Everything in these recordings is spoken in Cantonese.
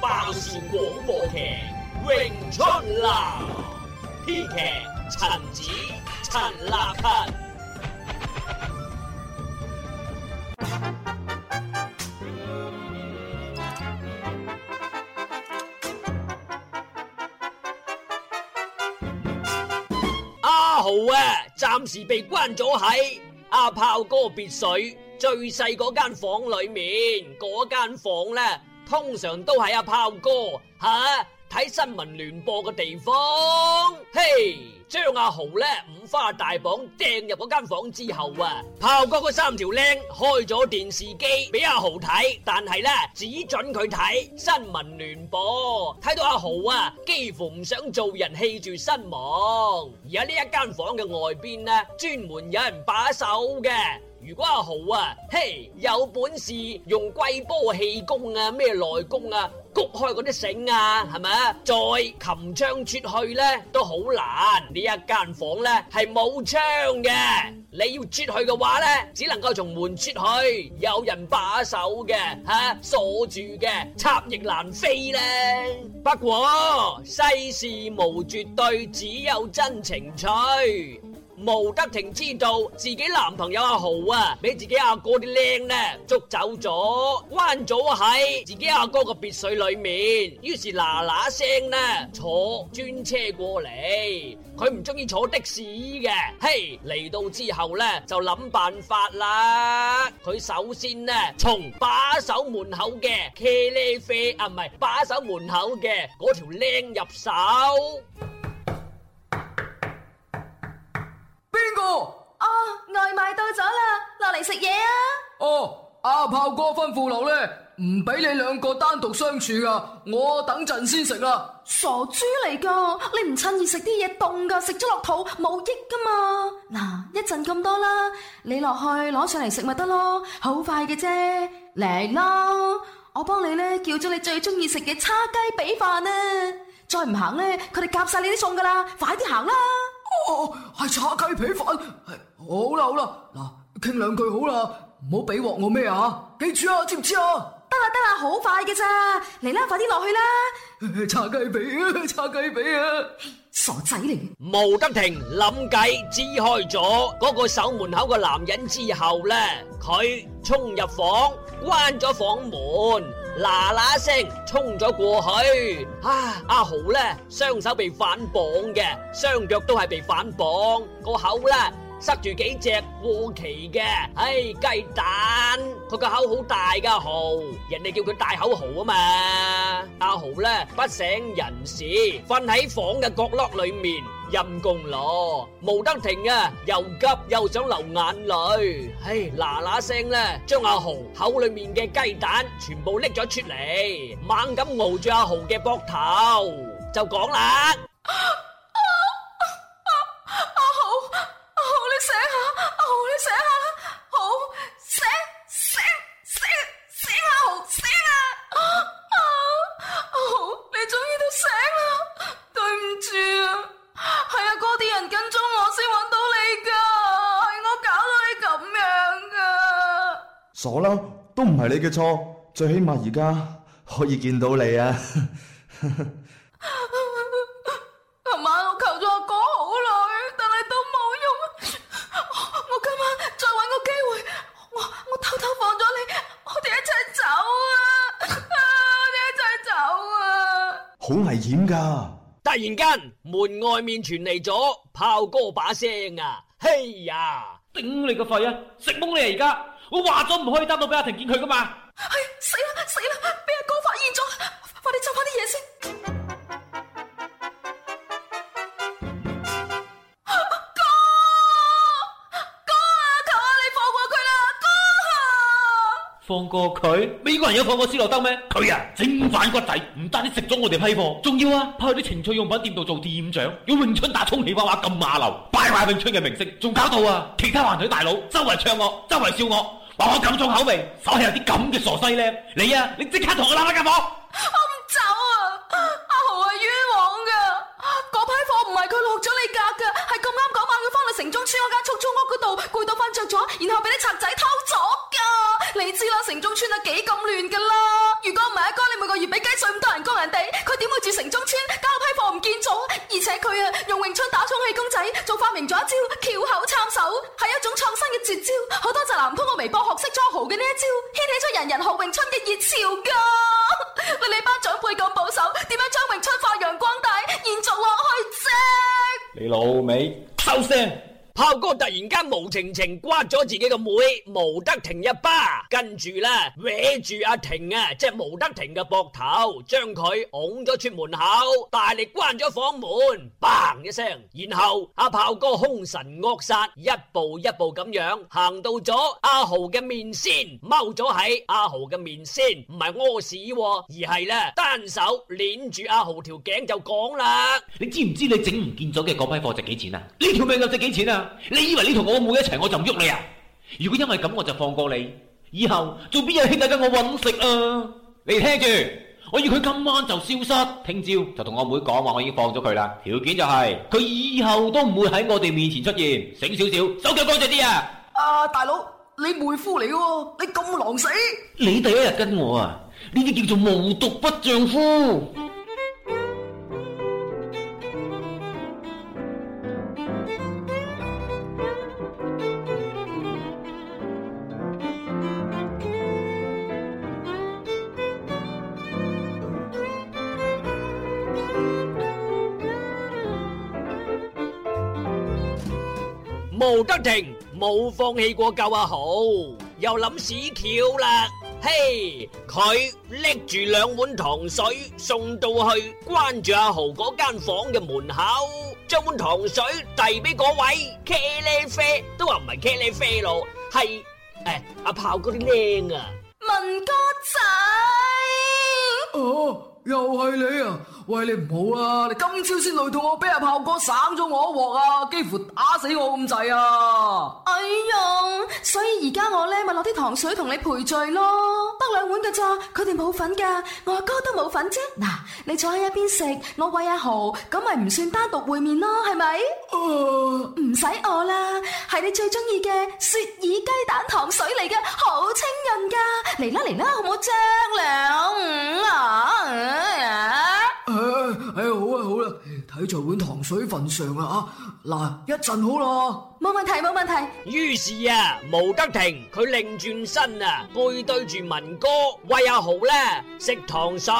爆笑廣播劇，詠春男，編劇陳子陳立群。阿豪啊，暫時被關咗喺阿炮哥別墅最細嗰間房裏面，嗰間房咧通常都係阿炮哥吓睇、啊、新聞聯播嘅地方。嘿，將阿豪咧五花大綁掟入嗰間房之後啊，炮哥嗰三條僆開咗電視機俾阿豪睇，但係咧只准佢睇新聞聯播。睇到阿豪啊，幾乎唔想做人，氣住身亡。而喺呢一間房嘅外邊咧，專門有人把守嘅。如果阿豪啊，嘿，有本事用龜波氣功啊，咩內功啊，谷開嗰啲繩啊，係咪啊？再擒槍出去呢，都好難。呢一間房呢，係冇窗嘅，你要出去嘅話呢，只能夠從門出去，有人把守嘅，吓、啊、鎖住嘅，插翼難飛呢。不過世事無絕對，只有真情趣。吳德廷知道自己男朋友阿豪啊，俾自己阿哥啲靚呢捉走咗，關咗喺自己阿哥個別墅裏面。於是嗱嗱聲呢，坐專車過嚟。佢唔中意坐的士嘅，嘿，嚟到之後呢，就諗辦法啦。佢首先呢，從把守門口嘅茄喱啡啊，唔係把守門口嘅嗰條靚入手。哦，外賣到咗啦，落嚟食嘢啊！哦，阿炮哥吩咐落咧，唔俾你兩個單獨相處噶，我等陣先食啦。傻豬嚟噶，你唔趁熱食啲嘢凍噶，食咗落肚冇益噶嘛！嗱，一陣咁多啦，你落去攞上嚟食咪得咯，好快嘅啫。嚟啦，我幫你咧叫咗你最中意食嘅叉雞髀飯啦，再唔行咧，佢哋夾晒你啲餸噶啦，快啲行啦！哦，係炒雞皮飯，係、哎、好啦好啦，嗱，傾兩句好啦，唔好俾鑊我咩啊，記住啊，知唔知啊？得啦得啦，好快嘅咋？嚟啦，快啲落去啦！叉雞髀啊，叉雞髀啊！傻仔嚟嘅。毛德廷，諗計支開咗嗰個守門口嘅男人之後咧，佢衝入房，關咗房門，嗱嗱聲衝咗過去。啊，阿豪咧雙手被反綁嘅，雙腳都係被反綁，個口咧。塞住幾隻過期嘅，唉，雞蛋，佢個口好大噶，豪，人哋叫佢大口豪啊嘛，阿豪咧不省人事，瞓喺房嘅角落裏面，陰功咯，冇得停啊，又急又想流眼淚，唉，嗱嗱聲咧，將阿豪口裏面嘅雞蛋全部拎咗出嚟，猛咁掹住阿豪嘅膊頭，就講啦。都唔係你嘅錯，最起碼而家可以見到你啊！ 琴晚我求咗阿哥好耐，但係都冇用。我我今晚再搵個機會，我我偷偷放咗你，我哋一齊走啊！我哋一齊走啊！好危險噶！突然間，門外面傳嚟咗炮哥把聲啊！嘿呀！頂你個肺啊！食懵你啊！而家。我話咗唔可以擔到俾阿婷見佢噶嘛？係死啦死啦！俾阿哥發現咗，快啲執翻啲嘢先。哥，哥啊！求下你放過佢啦，哥！放過佢？美國人有放過斯諾登咩？佢啊，整反骨仔，唔單止食咗我哋批貨，仲要啊，派去啲情趣用品店度做店長，詠春打充氣娃娃咁馬騮，敗壞詠春嘅名聲，仲搞到啊，其他環隊大佬周圍唱我，周圍笑我。我咁重口味，手係有啲咁嘅傻西咧！你啊，你即刻同我拉翻架貨！我唔走啊！阿豪係冤枉噶，嗰批貨唔係佢落咗你架噶，係咁啱講晚佢翻去城中村嗰間出租屋嗰度攰到瞓着咗，然後俾啲賊仔偷咗噶。你知啦，城中村啊幾咁亂噶啦！如果唔係阿哥你每個月俾雞水咁多人供人哋，佢點會住城中村搞到批貨唔見咗？而且佢啊用詠春打充氣公仔，仲發明咗一招翹口摻手，係一種創新嘅絕招。好。南通個微博學識裝豪嘅呢一招，掀起咗人人學詠春嘅熱潮噶。你班長輩咁保守，點樣將詠春發揚光大，延續落去啫？你老味收聲！炮哥突然間無情情摑咗自己嘅妹，吳德婷一巴，跟住啦，搲住阿婷啊，即係吳德婷嘅膊頭，將佢拱咗出門口，大力關咗房門，砰一聲，然後阿炮哥凶神惡煞，一步一步咁樣行到咗阿豪嘅面先，踎咗喺阿豪嘅面先，唔係屙屎，而係咧單手捏住阿豪條頸就講啦，你知唔知你整唔見咗嘅嗰批貨值幾錢啊？呢條命又值幾錢啊？你以為你同我妹一齊，我就唔喐你啊？如果因為咁，我就放過你，以後做邊個兄弟跟我揾食啊？你聽住，我要佢今晚就消失，聽朝就同我妹講話，我已經放咗佢啦。條件就係、是、佢以後都唔會喺我哋面前出現。醒少少，手腳乾淨啲啊！啊，大佬，你妹夫嚟嘅，你咁狼死？你第一日跟我啊，呢啲叫做無毒不丈夫。冇放棄過救阿豪，又諗屎橋啦！嘿，佢拎住兩碗糖水送到去關住阿豪嗰間房嘅門口，將碗糖水遞俾嗰位茄喱啡，都話唔係茄喱啡咯，係誒、哎、阿豹哥啲靚啊，文哥仔哦，又係你啊！喂，你唔好啊！你今朝先累到我，俾阿炮哥省咗我一鑊啊，幾乎打死我咁滯啊！哎呀，所以而家我咧咪攞啲糖水同你賠罪咯，得兩碗噶咋？佢哋冇份噶，我阿哥都冇份啫。嗱、啊，你坐喺一邊食，我餵阿豪，咁咪唔算單獨會面咯，係咪？唔使、嗯、我啦，係你最中意嘅雪耳雞蛋糖水嚟嘅，好清潤噶，嚟啦嚟啦，好唔好，張良啊？誒、哎，好啦，啊，好啦，啊，睇在，啊、碗糖水份上啦吓，嗱，一陣好啦，冇問題冇問題。於是啊，毛德庭佢擰轉身啊，背對住文哥餵阿豪咧食糖水，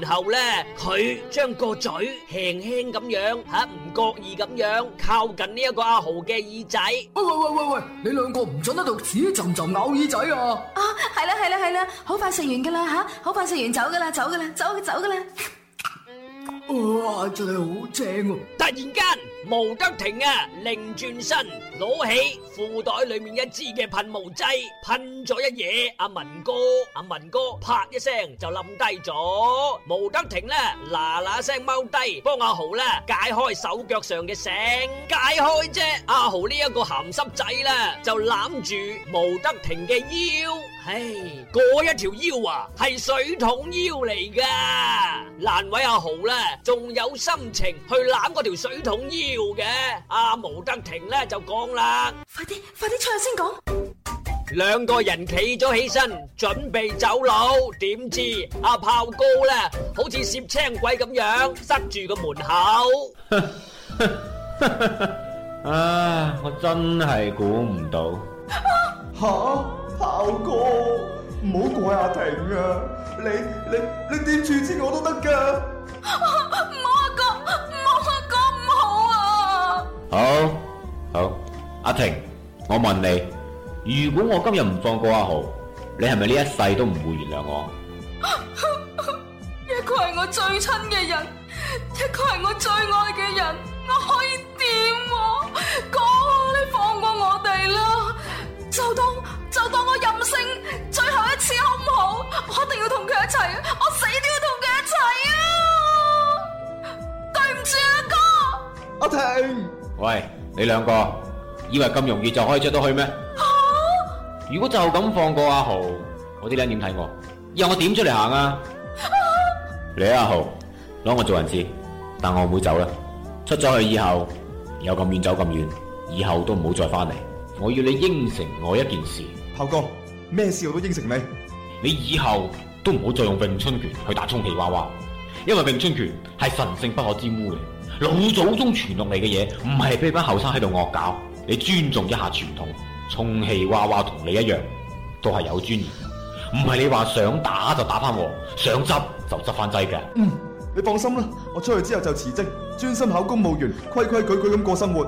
然後咧佢將個嘴輕輕咁樣吓，唔覺意咁樣靠近呢一個阿豪嘅耳仔。喂喂喂喂喂，你兩個唔准喺度滋滋就咬耳仔啊！啊，哦，係啦係啦係啦，好快食完噶啦吓，好快食完走噶啦，走噶啦，走走噶啦。哇！真係好正喎，啊，突然間。毛德婷啊！擰轉身，攞起褲袋裏面一支嘅噴霧劑，噴咗一嘢。阿文哥，阿文哥，啪一聲就冧低咗。毛德婷咧，嗱嗱聲踎低，幫阿豪咧解開手腳上嘅繩，解開啫。阿豪呢一個鹹濕仔咧，就攬住毛德婷嘅腰，唉，嗰一條腰啊，係水桶腰嚟噶，難為阿豪咧，仲有心情去攬嗰條水桶腰。要嘅，阿毛德婷咧就講啦，快啲，快啲出去先講。兩個人企咗起身，準備走佬，點知阿炮哥咧好似攝青鬼咁樣塞住個門口。啊，我真係估唔到。吓，炮哥，唔好怪阿婷啊，你你你點處置我都得噶。好好，阿婷，我問你，如果我今日唔放過阿豪，你係咪呢一世都唔會原諒我？一個係我最親嘅人，一個係我最愛嘅人，我可以點？哥，你放過我哋啦，就當就當我任性，最後一次好唔好？我一定要同佢一齊，我死都要同佢一齊啊！對唔住阿哥，阿婷。喂，你兩個以為咁容易就可以出到去咩？啊、如果就咁放過阿豪，我啲人點睇我？以後我點出嚟行啊？啊，你阿豪攞我做人質，但我唔會走啦。出咗去以後又咁遠走咁遠，以後都唔好再翻嚟。我要你應承我一件事，後哥，咩事我都應承你。你以後都唔好再用詠春拳去打充氣娃娃，因為詠春拳係神聖不可沾污嘅。老祖宗傳落嚟嘅嘢，唔係俾班後生喺度惡搞。你尊重一下傳統，充氣娃娃同你一樣，都係有尊嚴。唔係你話想打就打翻喎，想執就執翻劑嘅。嗯，你放心啦，我出去之後就辭職，專心考公務員，規規矩矩咁過生活。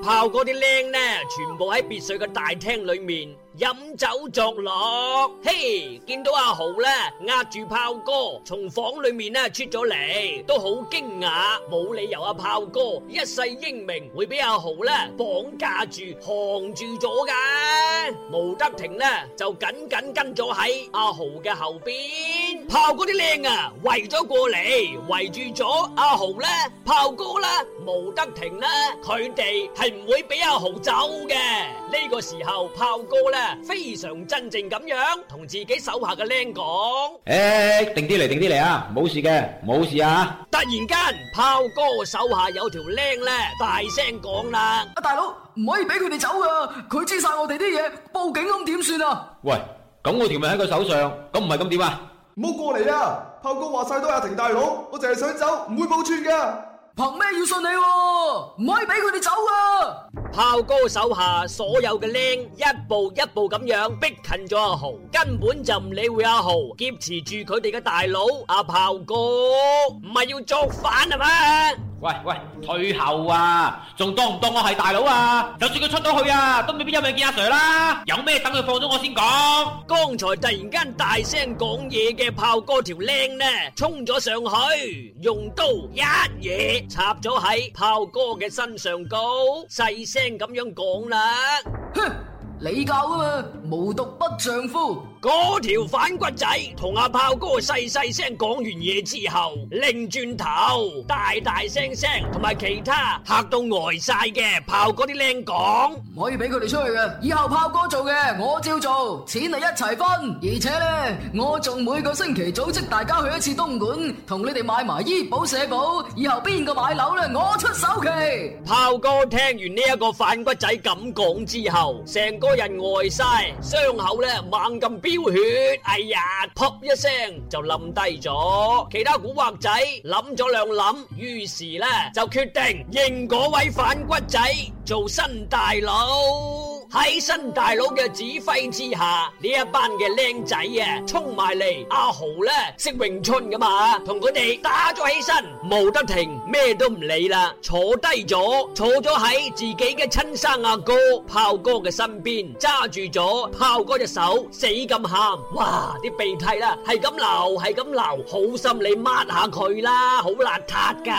炮哥啲僆呢，全部喺別墅嘅大廳裏面飲酒作樂。嘿、hey，見到阿豪呢，押住炮哥從房裏面呢出咗嚟，都好驚訝，冇理由阿、啊、炮哥一世英名會俾阿豪呢綁架住、扛住咗嘅。毛德庭呢就緊緊跟咗喺阿豪嘅後邊。炮哥啲僆啊圍咗過嚟，圍住咗阿豪呢，炮哥啦。冇得停啦！佢哋係唔會俾阿豪走嘅。呢個時候，炮哥咧非常真正咁樣同自己手下嘅僆講：，誒，定啲嚟，定啲嚟啊！冇事嘅，冇事啊！突然間，炮哥手下有條僆咧大聲講啦：，阿大佬唔可以俾佢哋走噶，佢知晒我哋啲嘢，報警咁點算啊？喂，咁我條命喺佢手上，咁唔係咁點啊？唔好過嚟啊！炮哥話晒都阿婷大佬，我淨係想走，唔會冇寸噶。憑咩要信你啊？唔可以俾佢哋走啊！炮哥手下所有嘅僆，一步一步咁樣逼近咗阿豪，根本就唔理會阿豪，劫持住佢哋嘅大佬阿炮哥，唔係要作反係咩？喂喂，退後啊！仲當唔當我係大佬啊？就算佢出到去啊，都未必有命見阿 Sir 啦！有咩等佢放咗我先講？剛才突然間大聲講嘢嘅炮哥條靚呢，衝咗上去，用刀一嘢插咗喺炮哥嘅身上，高細聲咁樣講啦：哼，你教啊嘛，無毒不丈夫。嗰條反骨仔同阿炮哥細細聲講完嘢之後，擰轉頭大大聲聲同埋其他嚇到呆晒嘅炮哥啲靚講唔可以俾佢哋出去嘅。以後炮哥做嘅，我照做，錢係一齊分。而且呢，我仲每個星期組織大家去一次東莞，同你哋買埋醫保社保。以後邊個買樓呢？我出首期。炮哥聽完呢一個反骨仔咁講之後，成個人呆晒，傷口呢猛咁。飆血，哎呀，撲一聲就冧低咗。其他古惑仔諗咗兩諗，於是呢就決定認嗰位反骨仔做新大佬。喺新大佬嘅指揮之下，呢一班嘅僆仔啊，衝埋嚟。阿豪咧識詠春噶嘛，同佢哋打咗起身，冇得停，咩都唔理啦，坐低咗，坐咗喺自己嘅親生阿哥炮哥嘅身邊，揸住咗炮哥隻手，死咁喊。哇！啲鼻涕啦、啊，係咁流，係咁流，好心你抹下佢啦，好邋遢噶。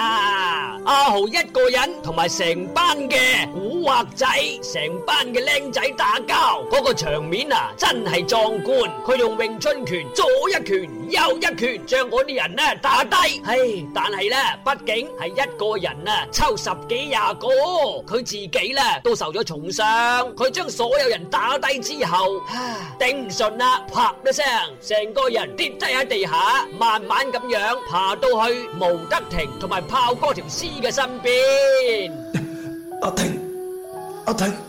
阿豪一個人同埋成班嘅古惑仔，成班嘅僆。仔打交嗰個場面啊，真係壯觀。佢用詠春拳左一拳右一拳，將嗰啲人呢打低。唉，但係呢，畢竟係一個人啊，抽十幾廿個，佢自己呢都受咗重傷。佢將所有人打低之後，頂唔順啦，啪一聲，成個人跌低喺地下，慢慢咁樣爬到去毛德婷同埋炮哥條屍嘅身邊。阿婷，阿婷。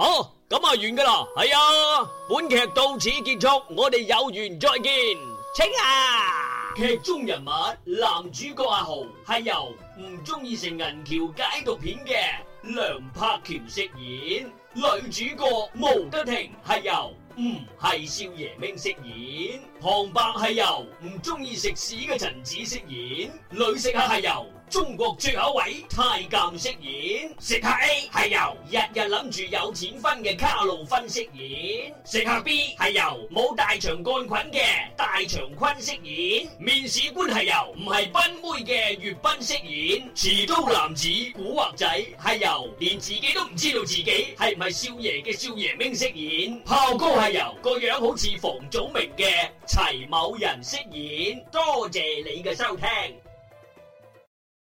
好，咁啊、哦，就完噶啦，係啊，本劇到此結束，我哋有緣再見，請啊！劇中人物男主角阿豪係由唔中意食銀橋解毒片嘅梁柏權飾演，女主角毛德婷係由唔係少爺明飾演。旁白係由唔中意食屎嘅陳子飾演，女食客係由中國最後位太監飾演，食客 A 係由日日諗住有錢分嘅卡路芬飾演，食客 B 係由冇大腸杆菌嘅大腸坤飾演，面試官係由唔係賓妹嘅粵賓飾演，持刀男子古惑仔係由連自己都唔知道自己係唔係少爺嘅少爺明飾演，炮哥係由個樣好似馮祖明嘅。齊某人飾演，多謝你嘅收聽。